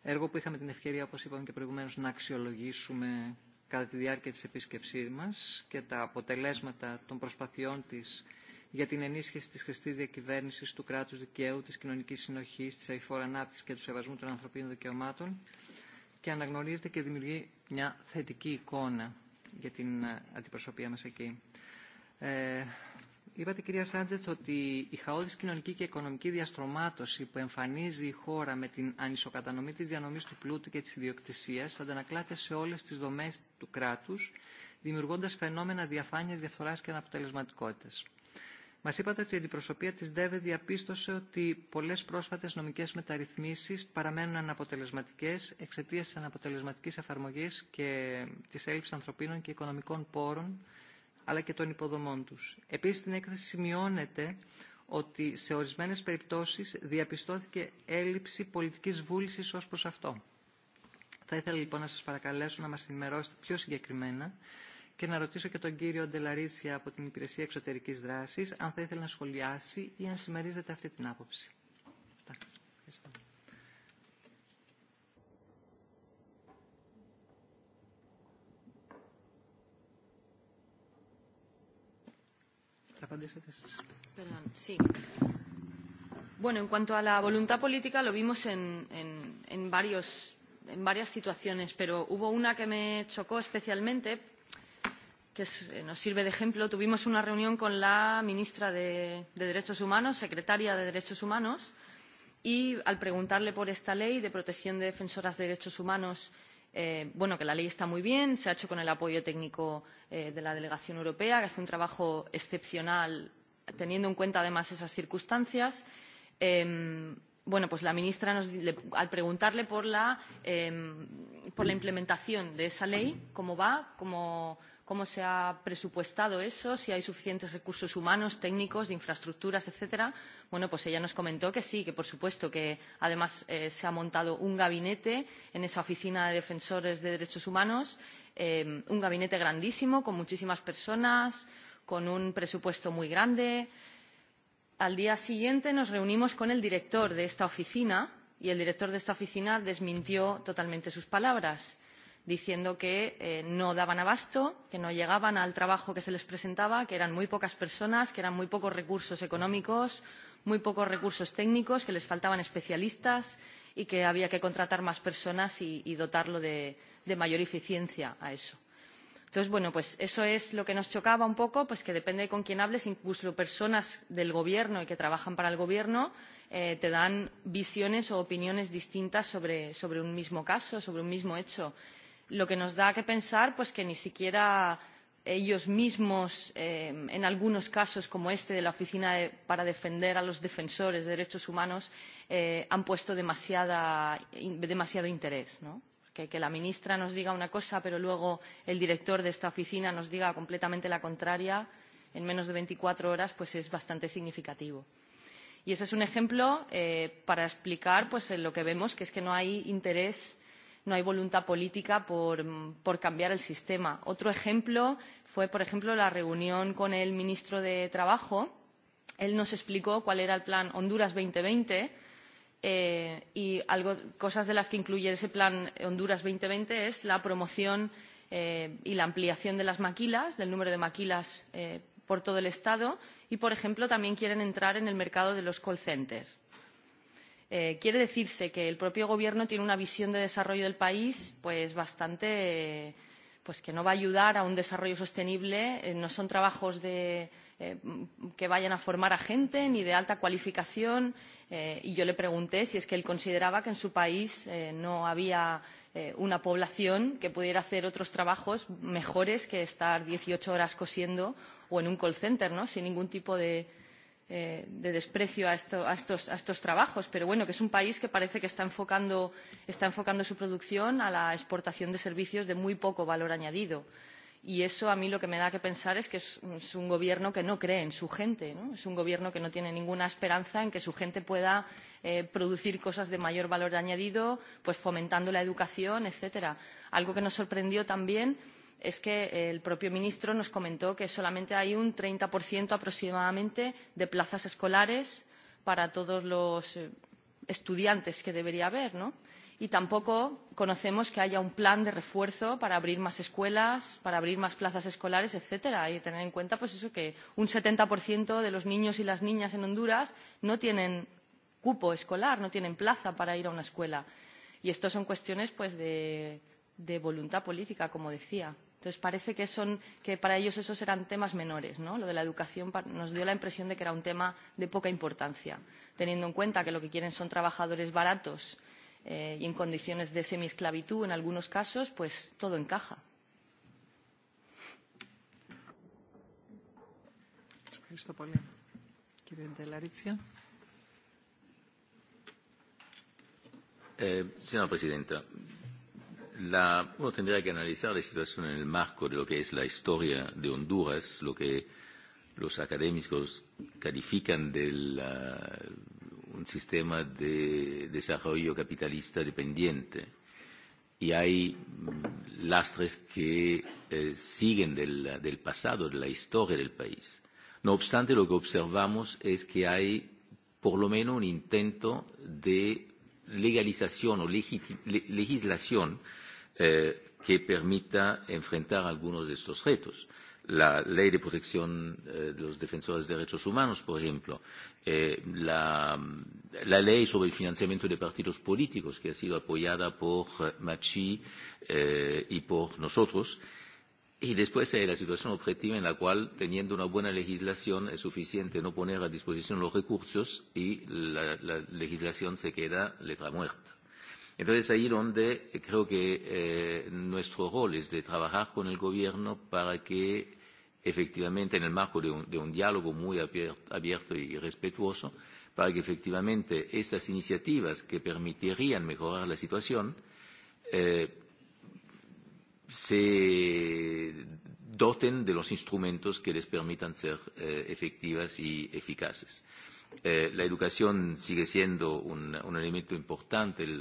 Έργο που είχαμε την ευκαιρία, όπως είπαμε και προηγουμένως, να αξιολογήσουμε κατά τη διάρκεια της επίσκεψής μας και τα αποτελέσματα των προσπαθειών της για την ενίσχυση τη χρηστή διακυβέρνηση του κράτου δικαίου, τη κοινωνική συνοχή, τη αηφόρα ανάπτυξη και του σεβασμού των ανθρωπίνων δικαιωμάτων και αναγνωρίζεται και δημιουργεί μια θετική εικόνα για την αντιπροσωπεία μα εκεί. Ε, Είπατε, κυρία Σάντζετ, ότι η χαόδη κοινωνική και οικονομική διαστρωμάτωση που εμφανίζει η χώρα με την ανισοκατανομή τη διανομή του πλούτου και τη ιδιοκτησία, αντανακλάται σε όλε τι δομέ του κράτου, δημιουργώντας φαινόμενα διαφάνειας, διαφθοράς και αναποτελεσματικότητας. Μας είπατε ότι η αντιπροσωπεία της ΔΕΒΕ διαπίστωσε ότι πολλές πρόσφατες νομικές μεταρρυθμίσεις παραμένουν αναποτελεσματικές εξαιτίας της αναποτελεσματικής εφαρμογής και της έλλειψης ανθρωπίνων και οικονομικών πόρων αλλά και των υποδομών τους. Επίσης, στην έκθεση σημειώνεται ότι σε ορισμένες περιπτώσεις διαπιστώθηκε έλλειψη πολιτικής βούλησης ως προς αυτό. Θα ήθελα λοιπόν να σας παρακαλέσω να μας ενημερώσετε πιο συγκεκριμένα και να ρωτήσω και τον κύριο Ντελαρίτσια από την Υπηρεσία Εξωτερικής Δράσης αν θα ήθελε να σχολιάσει ή αν συμμερίζεται αυτή την άποψη. Ευχαριστώ. Perdón, sí. Bueno, en cuanto a la voluntad política, lo vimos en, en, en, varios, en varias situaciones, pero hubo una que me chocó especialmente que eh, nos sirve de ejemplo, tuvimos una reunión con la ministra de, de Derechos Humanos, secretaria de Derechos Humanos, y al preguntarle por esta ley de protección de defensoras de derechos humanos, eh, bueno, que la ley está muy bien, se ha hecho con el apoyo técnico eh, de la delegación europea, que hace un trabajo excepcional teniendo en cuenta además esas circunstancias. bueno, pues la ministra, nos, le, al preguntarle por la, por la implementación de esa ley, cómo va, cómo, cómo se ha presupuestado eso, si hay suficientes recursos humanos, técnicos, de infraestructuras, etcétera. Bueno, pues ella nos comentó que sí, que por supuesto que además eh, se ha montado un gabinete en esa oficina de defensores de derechos humanos, eh, un gabinete grandísimo con muchísimas personas, con un presupuesto muy grande. Al día siguiente nos reunimos con el director de esta oficina y el director de esta oficina desmintió totalmente sus palabras diciendo que eh, no daban abasto que no llegaban al trabajo que se les presentaba que eran muy pocas personas que eran muy pocos recursos económicos muy pocos recursos técnicos que les faltaban especialistas y que había que contratar más personas y, dotarlo de, de mayor eficiencia a eso. Entonces, bueno, pues eso es lo que nos chocaba un poco, pues que depende de con quién hables, incluso personas del Gobierno y que trabajan para el Gobierno eh, te dan visiones o opiniones distintas sobre, sobre un mismo caso, sobre un mismo hecho lo que nos da que pensar pues que ni siquiera ellos mismos eh, en algunos casos como este de la oficina para defender a los defensores de derechos humanos eh, han puesto demasiada, demasiado interés ¿no? que, que la ministra nos diga una cosa pero luego el director de esta oficina nos diga completamente la contraria en menos de veinticuatro horas pues es bastante significativo. y ese es un ejemplo eh, para explicar pues, lo que vemos que es que no hay interés no hay voluntad política por, por cambiar el sistema. Otro ejemplo fue, por ejemplo, la reunión con el ministro de Trabajo. Él nos explicó cuál era el plan Honduras 2020 eh, y algo, cosas de las que incluye ese plan Honduras 2020 es la promoción eh, y la ampliación de las maquilas, del número de maquilas eh, por todo el Estado y, por ejemplo, también quieren entrar en el mercado de los call centers Eh, quiere decirse que el propio Gobierno tiene una visión de desarrollo del país pues bastante pues que no va a ayudar a un desarrollo sostenible. Eh, no son trabajos de, eh, que vayan a formar a gente ni de alta cualificación. Eh, y yo le pregunté si es que él consideraba que en su país no había una población que pudiera hacer otros trabajos mejores que estar 18 horas cosiendo o en un call center, ¿no? sin ningún tipo de, eh, de desprecio a, esto, a, estos, a estos trabajos, pero bueno, que es un país que parece que está enfocando, está enfocando su producción a la exportación de servicios de muy poco valor añadido. Y eso a mí lo que me da que pensar es que es un, gobierno que no cree en su gente, ¿no? es un gobierno que no tiene ninguna esperanza en que su gente pueda eh, producir cosas de mayor valor añadido, pues fomentando la educación, etcétera. Algo que nos sorprendió también es que el propio ministro nos comentó que solamente hay un 30% aproximadamente de plazas escolares para todos los eh, estudiantes que debería haber, ¿no? Y tampoco conocemos que haya un plan de refuerzo para abrir más escuelas, para abrir más plazas escolares, etcétera. hay que tener en cuenta, pues eso, que un 70% de los niños y las niñas en Honduras no tienen cupo escolar, no tienen plaza para ir a una escuela. Y esto son cuestiones, pues, de, de voluntad política, como decía. Entonces parece que, son, que para ellos esos eran temas menores. ¿no? Lo de la educación pa, nos dio la impresión de que era un tema de poca importancia, teniendo en cuenta que lo que quieren son trabajadores baratos eh, y en condiciones de semiesclavitud en algunos casos, pues todo encaja. Eh, señora presidenta, la, uno tendría que analizar la situación en el marco de lo que es la historia de Honduras, lo que los académicos califican de la, un sistema de desarrollo capitalista dependiente. Y hay mm, lastres que eh, siguen del, del pasado, de la historia del país. No obstante, lo que observamos es que hay por lo menos un intento de legalización o legislación eh, que permita enfrentar algunos de estos retos. La ley de protección eh, de los defensores de derechos humanos, por ejemplo, eh, la, la ley sobre el financiamiento de partidos políticos, que ha sido apoyada por Machi eh, y por nosotros, y después hay eh, la situación objetiva en la cual, teniendo una buena legislación, es suficiente no poner a disposición los recursos y la, la legislación se queda letra muerta Entonces, ahí donde eh, creo que eh, nuestro rol es de trabajar con el Gobierno para que, efectivamente, en el marco de un, de un diálogo muy abierto y respetuoso, para que efectivamente estas iniciativas que permitirían mejorar la situación eh, se doten de los instrumentos que les permitan ser eh, efectivas y eficaces. Eh, la educación sigue siendo un, un elemento importante de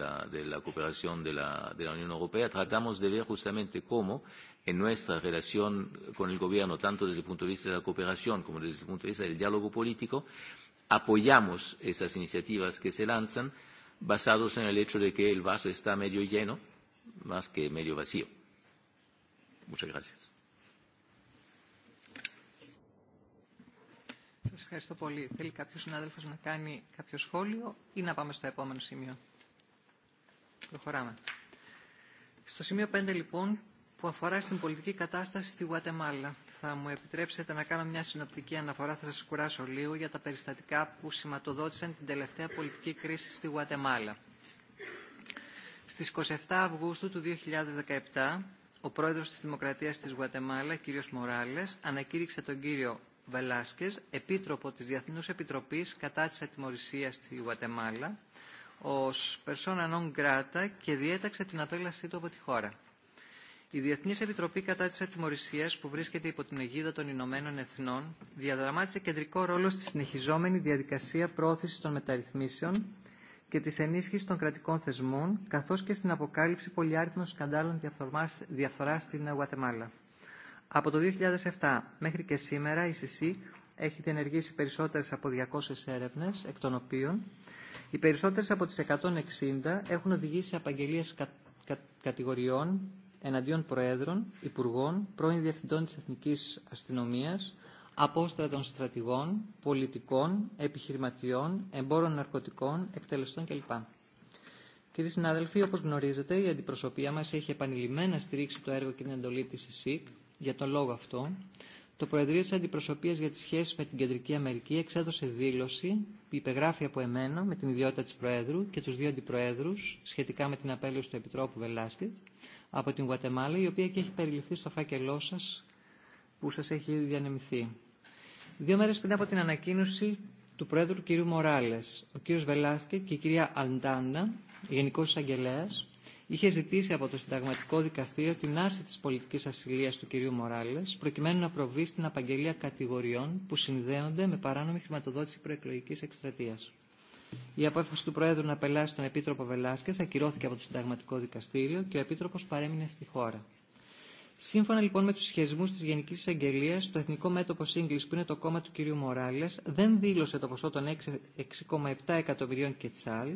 la, cooperación de la, de la Unión Europea. Tratamos de ver justamente cómo en nuestra relación con el gobierno, tanto desde el punto de vista de la cooperación como desde el punto de vista del diálogo político, apoyamos esas iniciativas que se lanzan basados en el hecho de que el vaso está medio lleno más que medio vacío. Muchas gracias. Σας ευχαριστώ πολύ. Θέλει κάποιος συνάδελφος να κάνει κάποιο σχόλιο ή να πάμε στο επόμενο σημείο. Προχωράμε. Στο σημείο 5 λοιπόν που αφορά στην πολιτική κατάσταση στη Γουατεμάλα. Θα μου επιτρέψετε να κάνω μια συνοπτική αναφορά, θα σας κουράσω λίγο, για τα περιστατικά που σηματοδότησαν την τελευταία πολιτική κρίση στη Γουατεμάλα. Στις 27 Αυγούστου του 2017, ο πρόεδρος της Δημοκρατίας της Γουατεμάλα, κύριος Μοράλες, ανακήρυξε τον κύριο Βελάσκες, επίτροπο της Διεθνούς Επιτροπής κατά της ατιμορρησίας στη Γουατεμάλα, ως persona non grata και διέταξε την απέλασή του από τη χώρα. Η Διεθνή Επιτροπή κατά τη Ατιμορρησία, που βρίσκεται υπό την αιγίδα των Ηνωμένων Εθνών, διαδραμάτισε κεντρικό ρόλο στη συνεχιζόμενη διαδικασία πρόθεση των μεταρρυθμίσεων και τη ενίσχυση των κρατικών θεσμών, καθώ και στην αποκάλυψη πολυάριθμων σκαντάλων διαφθορά στην Γουατεμάλα. Από το 2007 μέχρι και σήμερα η ΣΥΣΥΚ έχει διενεργήσει περισσότερες από 200 έρευνες, εκ των οποίων οι περισσότερες από τις 160 έχουν οδηγήσει σε απαγγελίες κα, κα, κατηγοριών εναντίον προέδρων, υπουργών, πρώην διευθυντών της Εθνικής Αστυνομίας, απόστρατων στρατηγών, πολιτικών, επιχειρηματιών, εμπόρων ναρκωτικών, εκτελεστών κλπ. Κύριοι συνάδελφοι, όπως γνωρίζετε, η αντιπροσωπεία μας έχει επανειλημμένα στηρίξει το έργο και την εντολή της ΕΣΥΚ Για τον λόγο αυτό, το Προεδρείο τη Αντιπροσωπεία για τις σχέσεις με την Κεντρική Αμερική εξέδωσε δήλωση που υπεγράφει από εμένα με την ιδιότητα τη Προέδρου και του δύο αντιπροέδρου σχετικά με την απέλευση του Επιτρόπου Βελάσκετ από την Γουατεμάλα, η οποία και έχει περιληφθεί στο φάκελό σα που σα έχει ήδη διανεμηθεί. Δύο μέρε πριν από την ανακοίνωση του Προέδρου κ. Μοράλε, ο κ. Βελάσκε και η κυρία Αλντάντα, Γενικό Εισαγγελέα, είχε ζητήσει από το Συνταγματικό Δικαστήριο την άρση της πολιτικής ασυλίας του κυρίου Μοράλες, προκειμένου να προβεί στην απαγγελία κατηγοριών που συνδέονται με παράνομη χρηματοδότηση προεκλογικής εκστρατείας. Η απόφαση του Προέδρου να απελάσει τον Επίτροπο Βελάσκε ακυρώθηκε από το Συνταγματικό Δικαστήριο και ο Επίτροπο παρέμεινε στη χώρα. Σύμφωνα λοιπόν με του σχεσμού τη Γενική Εισαγγελία, το Εθνικό Μέτωπο Σύγκληση, που είναι το κόμμα του κ. Μοράλε, δεν δήλωσε το ποσό των 6,7 εκατομμυρίων κετσάλ,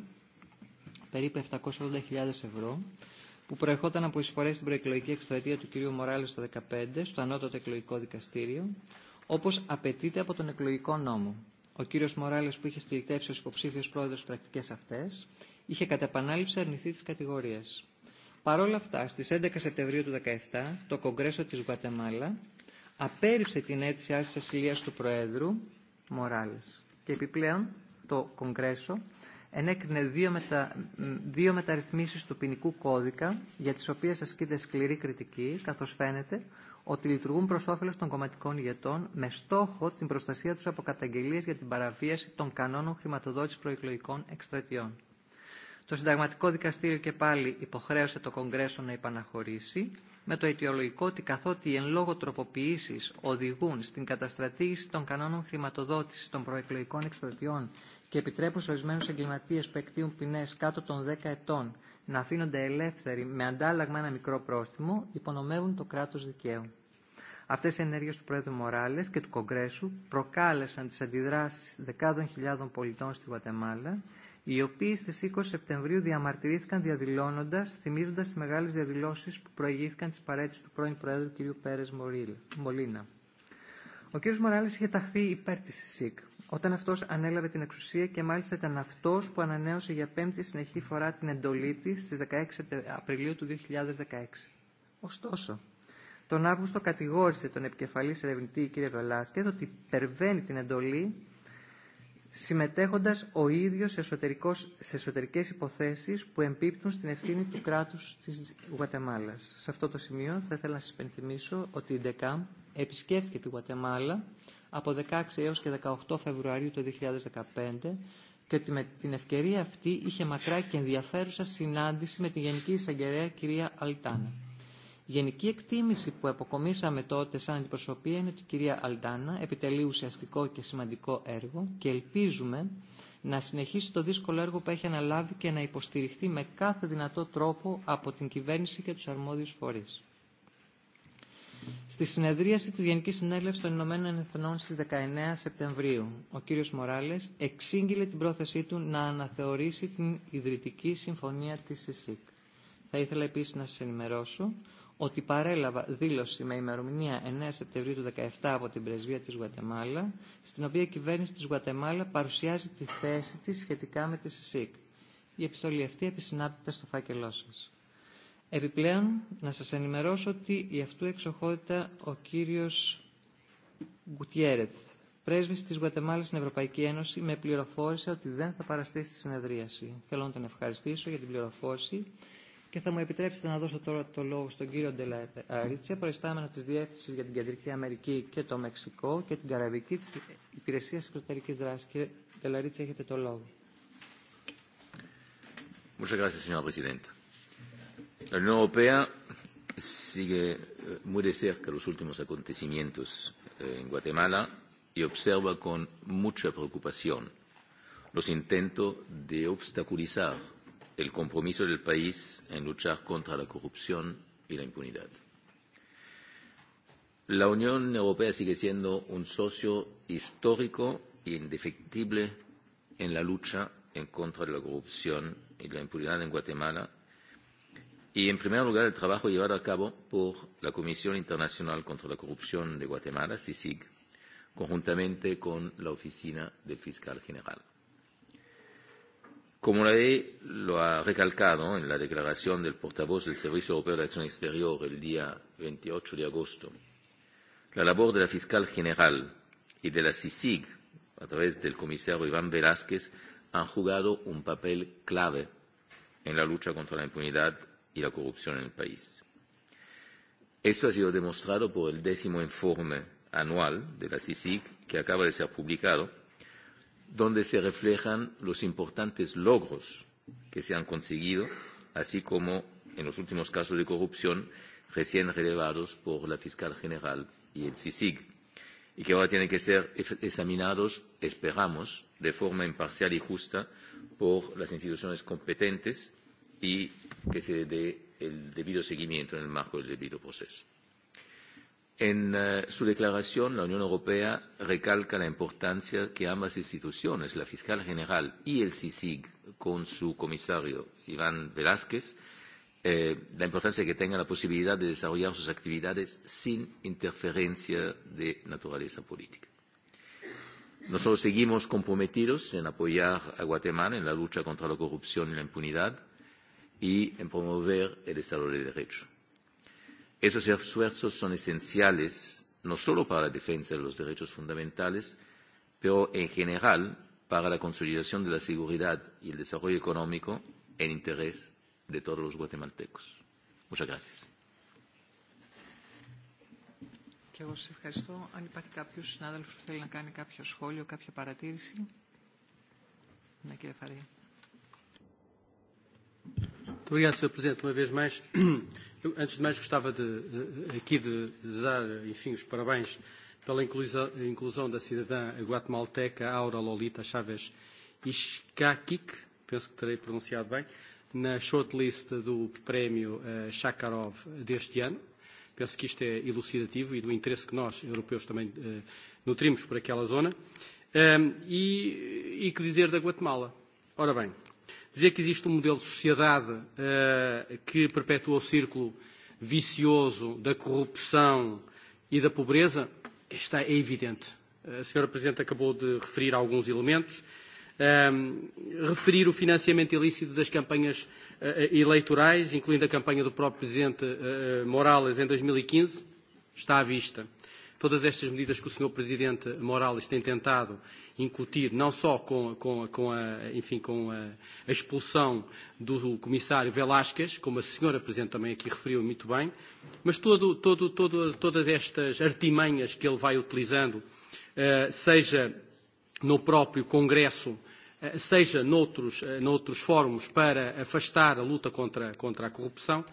περίπου 780.000 ευρώ που προερχόταν από εισφορέ στην προεκλογική εκστρατεία του κ. Μοράλη το 2015 στο Ανώτατο Εκλογικό Δικαστήριο, όπω απαιτείται από τον εκλογικό νόμο. Ο κ. Μοράλε που είχε στυλιτεύσει ω υποψήφιο πρόεδρο στι πρακτικέ αυτέ, είχε κατά επανάληψη αρνηθεί τι κατηγορίε. Παρ' όλα αυτά, στι 11 Σεπτεμβρίου του 2017, το Κογκρέσο τη Γουατεμάλα απέρριψε την αίτηση άσκησης ασυλίας του Προέδρου Μοράλης. Και επιπλέον, το Κογκρέσο ενέκρινε δύο, μετα... δύο μεταρρυθμίσεις του ποινικού κώδικα, για τις οποίες ασκείται σκληρή κριτική, καθώς φαίνεται ότι λειτουργούν προς όφελος των κομματικών ηγετών με στόχο την προστασία τους από καταγγελίες για την παραβίαση των κανόνων χρηματοδότησης προεκλογικών εκστρατιών. Το Συνταγματικό Δικαστήριο και πάλι υποχρέωσε το Κογκρέσο να υπαναχωρήσει με το αιτιολογικό ότι καθότι οι εν λόγω τροποποιήσεις οδηγούν στην καταστρατήγηση των κανόνων χρηματοδότησης των προεκλογικών εκστρατιών και επιτρέπουν σε ορισμένου εγκληματίε που εκτείουν ποινέ κάτω των 10 ετών να αφήνονται ελεύθεροι με αντάλλαγμα ένα μικρό πρόστιμο, υπονομεύουν το κράτο δικαίου. Αυτέ οι ενέργειε του Πρόεδρου Μοράλε και του Κογκρέσου προκάλεσαν τι αντιδράσει δεκάδων χιλιάδων πολιτών στη Γουατεμάλα, οι οποίοι στι 20 Σεπτεμβρίου διαμαρτυρήθηκαν διαδηλώνοντα, θυμίζοντα τι μεγάλε διαδηλώσει που προηγήθηκαν τη παρέτηση του πρώην πρόεδρου κ. Πέρε Μολίνα. Ο κ. Μοράλε είχε ταχθεί υπέρ τη ΣΥΚ, όταν αυτός ανέλαβε την εξουσία και μάλιστα ήταν αυτός που ανανέωσε για πέμπτη συνεχή φορά την εντολή της στις 16 Απριλίου του 2016. Ωστόσο, τον Αύγουστο κατηγόρησε τον επικεφαλής ερευνητή κ. Βελάσκετ ότι υπερβαίνει την εντολή συμμετέχοντας ο ίδιος σε, σε εσωτερικές υποθέσεις που εμπίπτουν στην ευθύνη του κράτους της Γουατεμάλας. Σε αυτό το σημείο θα ήθελα να σας υπενθυμίσω ότι η ΔΕΚΑΜ επισκέφθηκε τη Γουατεμάλα από 16 έως και 18 Φεβρουαρίου του 2015 και ότι με την ευκαιρία αυτή είχε μακρά και ενδιαφέρουσα συνάντηση με τη Γενική Εισαγγελέα κυρία Αλτάνα. Η γενική εκτίμηση που αποκομίσαμε τότε σαν αντιπροσωπεία είναι ότι η κυρία Αλτάνα επιτελεί ουσιαστικό και σημαντικό έργο και ελπίζουμε να συνεχίσει το δύσκολο έργο που έχει αναλάβει και να υποστηριχθεί με κάθε δυνατό τρόπο από την κυβέρνηση και τους αρμόδιους φορείς. Στη συνεδρίαση της Γενικής Συνέλευσης των Ηνωμένων Εθνών στις 19 Σεπτεμβρίου, ο κύριος Μοράλες εξήγηλε την πρόθεσή του να αναθεωρήσει την Ιδρυτική Συμφωνία της ΕΣΥΚ. Θα ήθελα επίσης να σας ενημερώσω ότι παρέλαβα δήλωση με ημερομηνία 9 Σεπτεμβρίου του 2017 από την Πρεσβεία της Γουατεμάλα, στην οποία η κυβέρνηση της Γουατεμάλα παρουσιάζει τη θέση της σχετικά με τη ΣΥΣΥΚ. Η επιστολή αυτή επισυνάπτεται στο φάκελό σας. Επιπλέον, να σας ενημερώσω ότι η αυτού εξοχότητα ο κύριος Γκουτιέρετ, πρέσβης της Γουατεμάλης στην Ευρωπαϊκή Ένωση, με πληροφόρησε ότι δεν θα παραστεί στη συνεδρίαση. Θέλω να τον ευχαριστήσω για την πληροφόρηση και θα μου επιτρέψετε να δώσω τώρα το λόγο στον κύριο Ντελαρίτσια, προϊστάμενο της Διεύθυνσης για την Κεντρική Αμερική και το Μεξικό και την Καραβική της Υπηρεσίας Εξωτερικής Δράσης. Κύριε Ντελαρίτσια, έχετε το λόγο. Muchas gracias, señora Presidenta. La Unión Europea sigue eh, muy de cerca los últimos acontecimientos eh, en Guatemala y observa con mucha preocupación los intentos de obstaculizar el compromiso del país en luchar contra la corrupción y la impunidad. La Unión Europea sigue siendo un socio histórico e indefectible en la lucha en contra de la corrupción y la impunidad en Guatemala y en primer lugar el trabajo llevado a cabo por la Comisión Internacional contra la Corrupción de Guatemala, CICIG, conjuntamente con la Oficina del Fiscal General. Como la ley lo ha recalcado en la declaración del portavoz del Servicio Europeo de Acción Exterior el día 28 de agosto, la labor de la Fiscal General y de la CICIG, a través del comisario Iván Velázquez, han jugado un papel clave en la lucha contra la impunidad y la corrupción en el país. Esto ha sido demostrado por el décimo informe anual de la CICIG que acaba de ser publicado, donde se reflejan los importantes logros que se han conseguido, así como en los últimos casos de corrupción recién relevados por la fiscal general y el CICIG, y que ahora tienen que ser examinados, esperamos, de forma imparcial y justa por las instituciones competentes y que se dé el debido seguimiento en el marco del debido proceso. En eh, su declaración, la Unión Europea recalca la importancia que ambas instituciones, la Fiscal General y el CICIG, con su comisario Iván Velázquez, eh, la importancia que tenga la posibilidad de desarrollar sus actividades sin interferencia de naturaleza política. Nosotros seguimos comprometidos en apoyar a Guatemala en la lucha contra la corrupción y la impunidad y en promover el Estado de Derecho. Esos esfuerzos son esenciales no solo para la defensa de los derechos fundamentales, pero en general para la consolidación de la seguridad y el desarrollo económico en interés de todos los guatemaltecos. Muchas gracias. Obrigado, Sr. Presidente, uma vez mais. Eu, antes de mais, gostava de, de, aqui de, de dar, enfim, os parabéns pela inclusão, inclusão da cidadã guatemalteca Aura Lolita Chaves Iskakik, penso que terei pronunciado bem, na shortlist do prémio uh, deste ano. Penso que isto é elucidativo e do interesse que nós, europeus, também uh, nutrimos por aquela zona. Um, e, e que dizer da Guatemala? Ora bem, dizer que existe um modelo de sociedade uh, que perpetua o círculo vicioso da corrupção e da pobreza, está é evidente. A senhora Presidente acabou de referir alguns elementos. Um, referir o financiamento ilícito das campanhas uh, eleitorais, incluindo a campanha do próprio Presidente uh, Morales em 2015, e está à vista todas estas medidas que o Sr. Presidente Morales tem tentado incutir, não só com, com, com, a, enfim, com a, a expulsão do Comissário Velasquez, como a Sra. Presidente também aqui referiu muito bem, mas todo, todo, todo, todas estas artimanhas que ele vai utilizando, eh, seja no próprio Congresso, eh, seja noutros, eh, noutros fóruns para afastar a luta contra, contra a corrupção,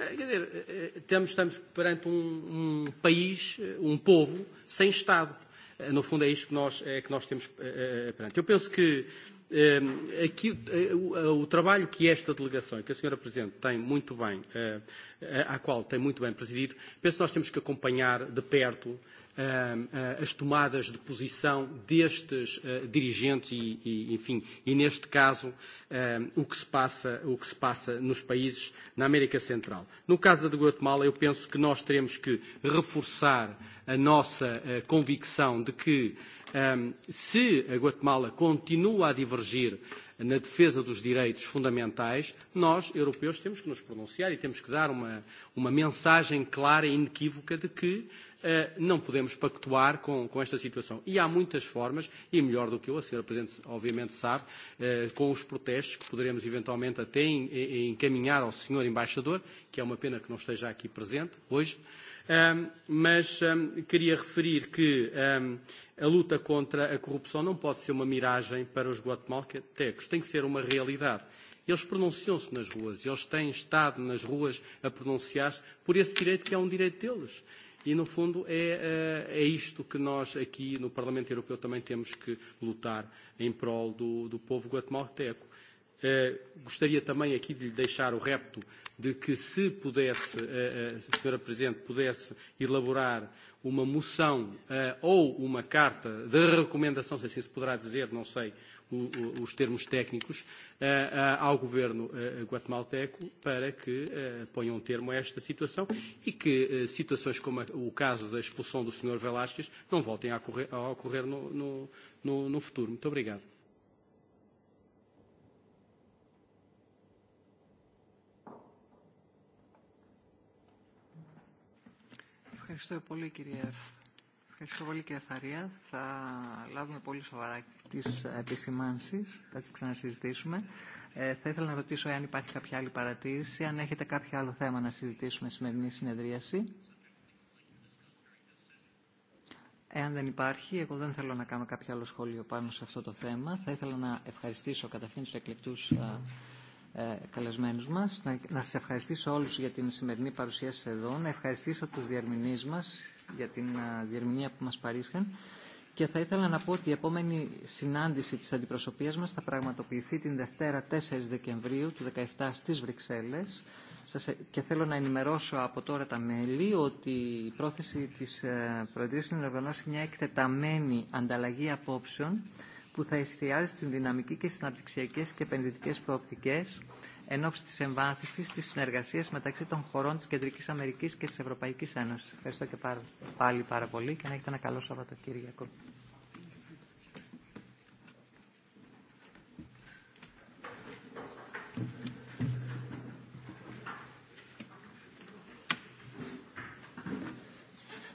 Eh, quer dizer, eh, eh, temos, estamos perante um, um país, um povo sem Estado. No fundo, é isto que nós, é, que nós temos perante. Eu penso que aqui, o trabalho que esta delegação e que a senhora Presidente tem muito bem, a qual tem muito bem presidido, penso que nós temos que acompanhar de perto Ehm, eh, as tomadas de posição destes eh, dirigentes e, e, enfim, e neste caso ehm, o que se passa, o que se passa nos países na América Central. No caso da Guatemala, eu penso que nós teremos que reforçar a nossa eh, convicção de que ehm, se a Guatemala continua a divergir na defesa dos direitos fundamentais, nós, europeus, temos que nos pronunciar e temos que dar uma, uma mensagem clara e inequívoca de que Eh, não podemos pactuar com, com esta situação. E há muitas formas, e melhor do que eu, a senhora Presidente obviamente sabe, eh, com os protestos que poderemos eventualmente até e, e encaminhar ao senhor Embaixador, que é uma pena que não esteja aqui presente hoje, ehm, mas ehm, queria referir que ehm, a luta contra a corrupção não pode ser uma miragem para os guatemaltecos, tem que ser uma realidade. Eles pronunciam-se nas ruas, eles têm estado nas ruas a pronunciar-se por esse direito que é um direito deles E, no fundo, é, é isto que nós aqui no Parlamento Europeu também temos que lutar em prol do, do povo guatemalteco. Eh, gostaria também aqui de lhe deixar o repto de que se pudesse, eh, eh Sra. Presidente, pudesse elaborar uma moção eh, ou uma carta de recomendação, se assim se poderá dizer, não sei os termos técnicos, eh, eh, ao governo guatemalteco para que ponha um termo a esta situação e que situações como o caso da expulsão do Sr. Velásquez não voltem a ocorrer no, no, no futuro. Muito obrigado. Ευχαριστώ πολύ κύριε Ευχαριστώ πολύ κύριε Φαρία. Θα λάβουμε πολύ σοβαρά τις επισημάνσεις, θα τις ξανασυζητήσουμε. Ε, θα ήθελα να ρωτήσω αν υπάρχει κάποια άλλη παρατήρηση, αν έχετε κάποιο άλλο θέμα να συζητήσουμε σημερινή συνεδρίαση. Εάν δεν υπάρχει, εγώ δεν θέλω να κάνω κάποιο άλλο σχόλιο πάνω σε αυτό το θέμα. Θα ήθελα να ευχαριστήσω καταρχήν τους εκλεκτούς καλεσμένους μας. Να, να σας ευχαριστήσω όλους για την σημερινή παρουσία σας εδώ. Να ευχαριστήσω τους διερμηνείς μας για την διερμηνία που μας παρήσχαν. Και θα ήθελα να πω ότι η επόμενη συνάντηση της αντιπροσωπείας μας θα πραγματοποιηθεί την Δευτέρα 4 Δεκεμβρίου του 2017 στις Βρυξέλλες. Σας, και θέλω να ενημερώσω από τώρα τα μέλη ότι η πρόθεση της Προεδρίας είναι να οργανώσει μια εκτεταμένη ανταλλαγή απόψεων που θα εστιάζει στην δυναμική και στις αναπτυξιακές και επενδυτικέ προοπτικέ εν ώψη τη εμβάθυνση τη συνεργασία μεταξύ των χωρών της Κεντρικής Αμερική και τη Ευρωπαϊκή Ένωση. Ευχαριστώ και πάλι πάρα πολύ και να έχετε ένα καλό Σαββατοκύριακο.